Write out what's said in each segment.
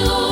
to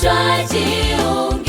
甩起舞。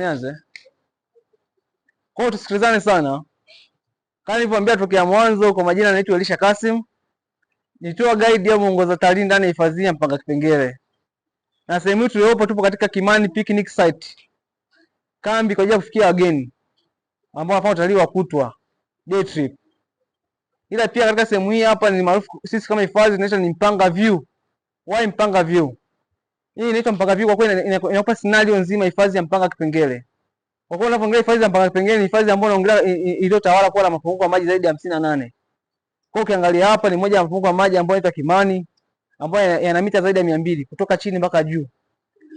nianze. Kwa hiyo tusikilizane sana. Kama nilivyoambia tokea mwanzo, kwa majina naitwa Elisha Kasim, nitoa guide ya mwongoza talii ndani ya hifadhi ya Mpanga Kipengere, na sehemu hii tuliopo, tupo katika Kimani Picnic Site, kambi kwa ajili ya kufikia wageni ambao wanafanya utalii wa kutwa day trip. Ila pia katika sehemu hii hapa ni maarufu sisi kama hifadhi tunaita ni Mpanga View. Why Mpanga View? Hii inaitwa mpaka pigo, kwa kweli inakupa scenario nzima hifadhi ya mpaka kipengele. Kwa kweli unapoongelea hifadhi ya mpaka kipengele, ni hifadhi ambayo inaongelea iliyotawala kuwa na mapunguko ya maji zaidi ya 58. Kwa hiyo ukiangalia hapa ni moja ya mapunguko ya maji ambayo inaitwa Kimani ambayo yana mita zaidi ya 200 kutoka chini mpaka juu.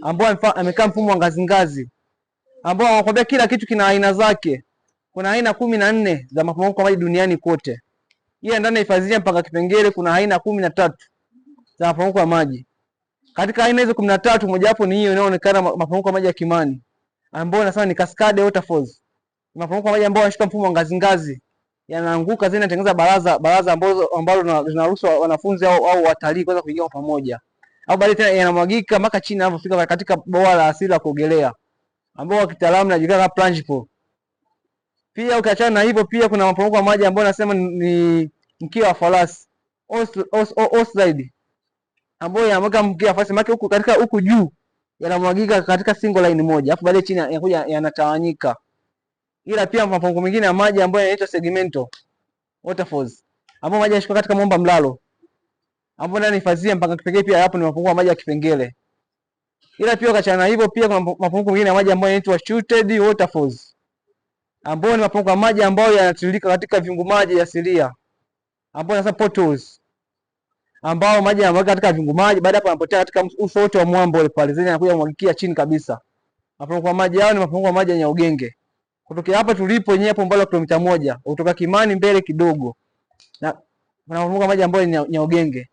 Ambayo amekaa mfumo wa ngazi ngazi. Ambao anakuambia kila kitu kina aina zake. Kuna aina kumi na nne za maporomoko ya maji duniani kote. Hii ndani ya hifadhi ya mpaka kipengele kuna aina kumi na tatu za maporomoko ya maji. Katika aina hizo kumi na tatu mojawapo ni hiyo inayoonekana maporomoko ya maji ya Kimani ambayo nasema ni cascade waterfalls. Maporomoko ya maji ambayo yanashika mfumo wa ngazi ngazi, yanaanguka zina tengeneza baraza baraza ambazo ambalo linaruhusu wanafunzi au, au watalii kuweza kuingia pamoja. Au baadaye tena yanamwagika mpaka chini yanapofika katika bwawa la asili la kuogelea ambao kwa kitaalamu linajulikana kama plunge pool. Pia ukiachana na hivyo, pia kuna maporomoko ya maji ambayo nasema ni mkia wa farasi, ostride ambayo yanamwaga mkia fasi make huku katika huku juu yanamwagika katika single line moja, afu baadaye chini yanakuja yanatawanyika. Ila pia mapongo mengine ya maji ambayo yanaitwa segmento waterfalls, ambayo maji yanashuka katika mwamba mlalo, ambayo ndani fazia mpaka kipengele, pia hapo ni mapongo ya maji ya kipengele. Ila pia kachana na hivyo, pia kuna mapongo mengine ya maji ambayo yanaitwa shooted waterfalls, ambayo ni mapongo ya maji ambayo yanatiririka katika viungu maji asilia, ambayo ni sasa potholes ambao maji yanamwagika katika vingu maji, baada hapo yanapotea katika uso wote wa mwamba ule pale, zenye yanakuja kumwagikia chini kabisa. Maporomoko ya maji yao ni maporomoko ya maji yenye ugenge. Kutoka hapa tulipo yenyewe hapo umbali wa kilomita moja kutoka Kimani mbele kidogo. Na kuna maporomoko ya maji ambayo ni ya ugenge.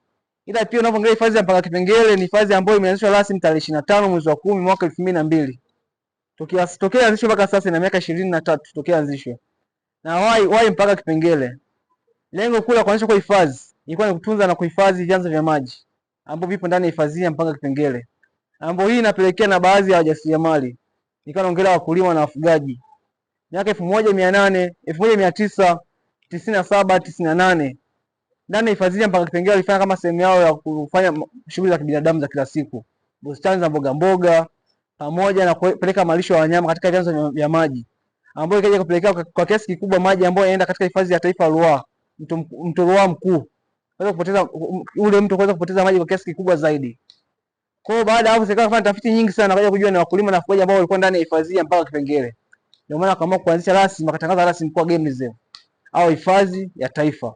Ila pia unapoangalia hifadhi ya Mpanga Kipengere ni hifadhi ambayo imeanzishwa rasmi tarehe 25 mwezi wa 10 mwaka 2002. Tokea tokea anzishwe mpaka sasa ina miaka 23 tokea anzishwe. Na wai wai Mpanga Kipengere. Lengo kuu la kuanzisha kwa hifadhi ilikuwa ni kutunza na kuhifadhi vyanzo vya maji ambapo vipo ndani ya hifadhi ya Mpanga Kipengere, ambapo hii inapelekea na baadhi ya wajasiriamali, nikiwa naongelea wakulima na wafugaji. Miaka elfu moja mia nane elfu moja mia tisa tisini na saba tisini na nane ndani ya hifadhi ya Mpanga Kipengere walifanya kama sehemu yao ya kufanya shughuli za kibinadamu za kila siku, bustani za mboga mboga pamoja na kupeleka malisho ya wa wanyama katika vyanzo vya maji ambayo ikaja kupelekea kwa kiasi kikubwa maji ambayo yanaenda katika hifadhi ya taifa ya Ruaha, mto Ruaha mkuu unaweza kupoteza ule mtu kuweza kupoteza maji kwa kiasi kikubwa zaidi. Kwa hiyo baada hapo serikali kufanya tafiti nyingi sana kaja kujua ni wakulima na wafugaji ambao walikuwa ndani ya hifadhi ya mpaka Kipengere. Ndio maana akaamua kuanzisha rasmi akatangaza rasmi kuwa game reserve au hifadhi ya taifa.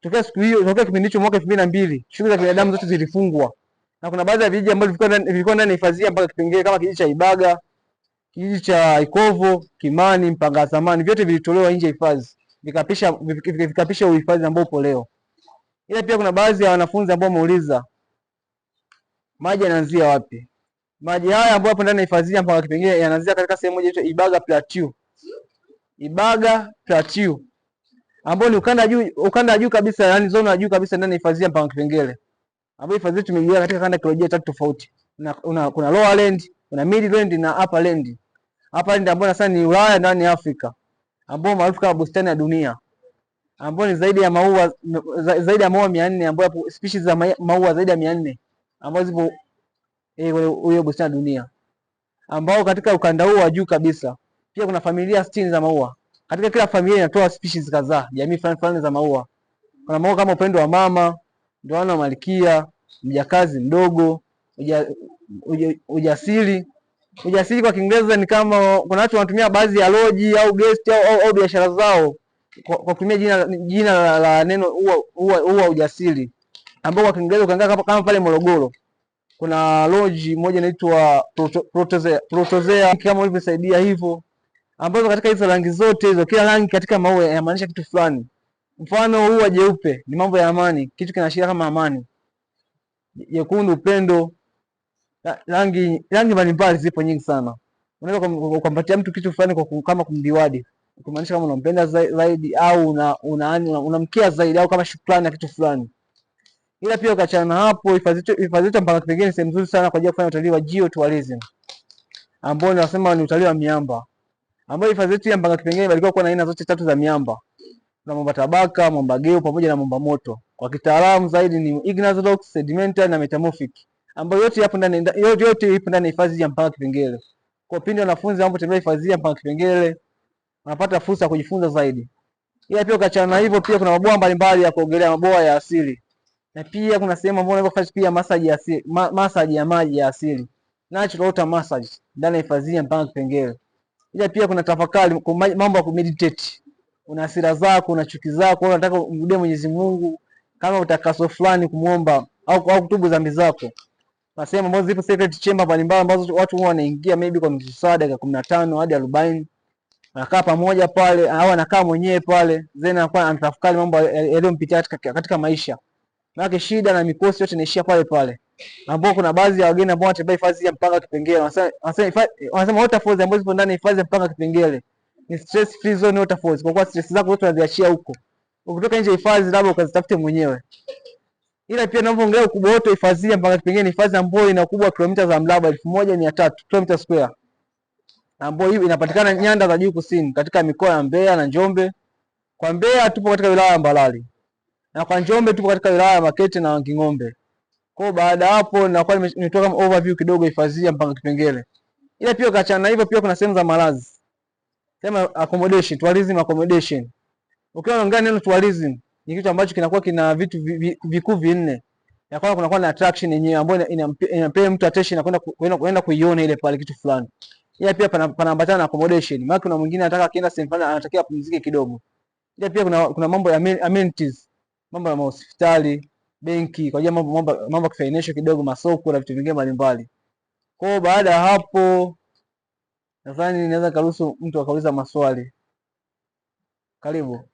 Tokea siku hiyo, tokea kipindi hicho mwaka 2002, shughuli za binadamu zote zilifungwa. Na kuna baadhi ya vijiji ambavyo vilikuwa ndani vilikuwa ndani ya hifadhi ya mpaka Kipengere kama kijiji cha Ibaga, kijiji cha Ikovo, Kimani, Mpanga Zamani, vyote vilitolewa nje ya hifadhi. Vikapisha vikapisha uhifadhi ambao upo leo. Ila pia kuna baadhi ya wanafunzi ambao wameuliza maji yanaanzia wapi? Maji haya ambayo hapo ndani ya hifadhi ambapo kwa kipengele yanaanzia katika sehemu moja inaitwa Ibaga Plateau. Ibaga Plateau ambao ni ukanda juu ukanda juu kabisa, yani zone ya juu kabisa ndani ya hifadhi ambapo kipengele. Ambapo hifadhi yetu imegawanyika katika kanda kilojia tatu tofauti. na una, kuna land, kuna mid land na upper land. upperland. Upperland ambayo sasa ni Ulaya ndani ya Afrika ambao maarufu kama bustani ya dunia ambayo ni zaidi ya maua zaidi ya maua mia nne ambayo species za maua zaidi ya mia nne ambazo zipo eh, hiyo bustani ya dunia, ambao katika ukanda huo wa juu kabisa pia kuna familia sitini za maua. Katika kila familia inatoa species kadhaa, jamii fulani fulani za maua. Kuna maua kama upendo wa mama, ndoana wa malkia, mjakazi mdogo, uja, uja, ujasiri ujasiri kwa Kiingereza ni kama kuna watu wanatumia baadhi ya loji au guest au, au, au biashara zao kwa kutumia jina, jina la, la neno huwa ujasiri ambao kwa Kiingereza ukiangalia kama pale Morogoro kuna loji moja inaitwa Protozea Protozea, kama ulivyosaidia hivyo, ambazo katika hizo rangi zote hizo, kila rangi katika maua yanamaanisha kitu fulani. Mfano huwa jeupe ni mambo ya amani, kitu kinaashiria kama amani, jekundu upendo. Rangi rangi mbalimbali zipo nyingi sana, unaweza ukampatia mtu kitu fulani kwa kama kumdiwadi kumaanisha kama unampenda zaidi au una, una, unamkia zaidi au kama shukrani na kitu fulani. Ila pia ukachana na hapo, hifadhi yetu ya Mpanga Kipengere ni sehemu nzuri sana kwa ajili ya kufanya utalii wa geotourism ambao nasema ni utalii wa miamba, ambayo hifadhi yetu ya Mpanga Kipengere ilikuwa kuwa na aina zote tatu za miamba. na mwamba tabaka, mwamba geu pamoja na mwamba moto. Kwa kitaalamu zaidi ni igneous rocks, sedimentary na metamorphic, ambayo yote yapo ndani yote yote ipo ndani ya hifadhi ya Mpanga Kipengere. Kwa pindi wanafunzi wanapotembelea hifadhi ya Mpanga Kipengere unapata fursa ya kujifunza zaidi. Ila pia ukachana na hivyo, pia kuna mabwawa mbalimbali ya kuogelea, mabwawa ya asili, na pia kuna sehemu ambayo unaweza kufanya pia massage ya asili, massage ya maji ya asili, natural water massage ndani ya hifadhi ya Mpanga Kipengere. Ila pia kuna tafakari, mambo ya kumeditate. Una hasira zako, una chuki zako, unataka umrudie Mwenyezi Mungu kama utakaso fulani kumuomba au, au kutubu dhambi zako. Nasema ambazo zipo secret chamber mbalimbali ambazo watu huwa wanaingia maybe kwa msaada ya 15 hadi 40 anakaa pamoja pale au anakaa mwenyewe pale, then anakuwa anatafakari mambo yaliyompitia katika, katika maisha. maake shida na mikosi yote inaishia pale pale. ambao kuna baadhi ya wageni ambao wanatembea hifadhi ya Mpanga kipengele wanasema waterfalls ambazo zipo ndani ya hifadhi ya Mpanga kipengele ni stress free zone waterfalls, kwa kuwa stress zako zote unaziachia huko. Ukitoka nje hifadhi, labda ukazitafute mwenyewe. Ila pia ninavyoongelea ukubwa wote hifadhi ya Mpanga kipengele ni hifadhi ambayo ina ukubwa wa kilomita za mraba elfu moja mia tatu kilomita square ambayo inapatikana nyanda za juu kusini katika mikoa ya Mbeya na Njombe. Kwa Mbeya tupo katika wilaya ya Mbalali na kwa Njombe tupo katika wilaya ya Makete na Wanging'ombe. Kwa baada hapo nakuwa nimetoa kama overview kidogo hifadhi ya Mpanga Kipengere. Ila pia kachana hivyo pia kuna sehemu za malazi. Sema accommodation, tourism accommodation. Ukiwa unaongea neno tourism ni kitu ambacho kinakuwa kina vitu vikuu vinne. Ya kwanza kunakuwa na attraction yenyewe ambayo inampea mtu attention na kwenda kwenda kuiona ile pale kitu fulani ila pia panaambatana na accommodation. Maana kuna mwingine anataka akienda sehemu fulani anatakiwa apumzike kidogo, ila pia kuna, kuna mambo ya amenities, mambo ya hospitali, benki, kwa ajili mambo mambo ya financial kidogo, masoko na vitu vingine mbalimbali. Kwa hiyo baada ya hapo nadhani naweza karuhusu mtu akauliza maswali. Karibu.